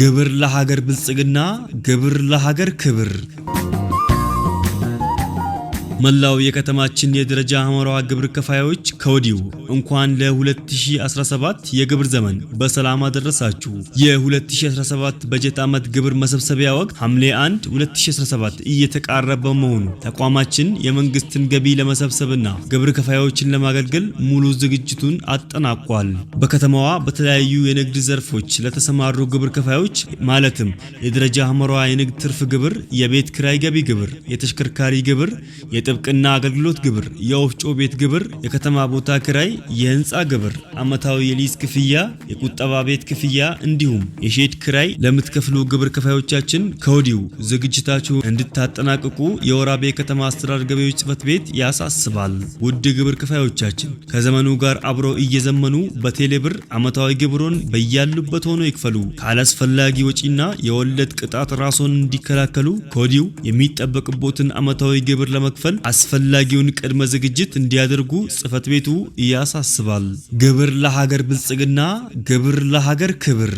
ግብር ለሀገር ብልጽግና፣ ግብር ለሀገር ክብር መላው የከተማችን የደረጃ ሐመራዋ ግብር ከፋዮች ከወዲሁ እንኳን ለ2017 የግብር ዘመን በሰላም አደረሳችሁ። የ2017 በጀት ዓመት ግብር መሰብሰቢያ ወቅት ሐምሌ 1 2017 እየተቃረበ በመሆኑ ተቋማችን የመንግስትን ገቢ ለመሰብሰብና ግብር ከፋዮችን ለማገልገል ሙሉ ዝግጅቱን አጠናቋል። በከተማዋ በተለያዩ የንግድ ዘርፎች ለተሰማሩ ግብር ከፋዮች ማለትም የደረጃ ሐመራዋ የንግድ ትርፍ ግብር፣ የቤት ክራይ ገቢ ግብር፣ የተሽከርካሪ ግብር የጥብቅና አገልግሎት ግብር፣ የወፍጮ ቤት ግብር፣ የከተማ ቦታ ክራይ፣ የህንፃ ግብር፣ አመታዊ የሊዝ ክፍያ፣ የቁጠባ ቤት ክፍያ እንዲሁም የሼድ ክራይ ለምትከፍሉ ግብር ከፋዮቻችን ከወዲሁ ዝግጅታችሁ እንድታጠናቅቁ የወራቤ ከተማ አስተዳደር ገቢዎች ጽፈት ቤት ያሳስባል። ውድ ግብር ከፋዮቻችን ከዘመኑ ጋር አብረው እየዘመኑ በቴሌብር አመታዊ ግብሮን በያሉበት ሆኖ ይክፈሉ። ካላስፈላጊ ወጪና የወለድ ቅጣት ራስዎን እንዲከላከሉ ከወዲሁ የሚጠበቅቦትን አመታዊ ግብር ለመክፈል አስፈላጊውን ቅድመ ዝግጅት እንዲያደርጉ ጽህፈት ቤቱ ያሳስባል። ግብር ለሀገር ብልጽግና፣ ግብር ለሀገር ክብር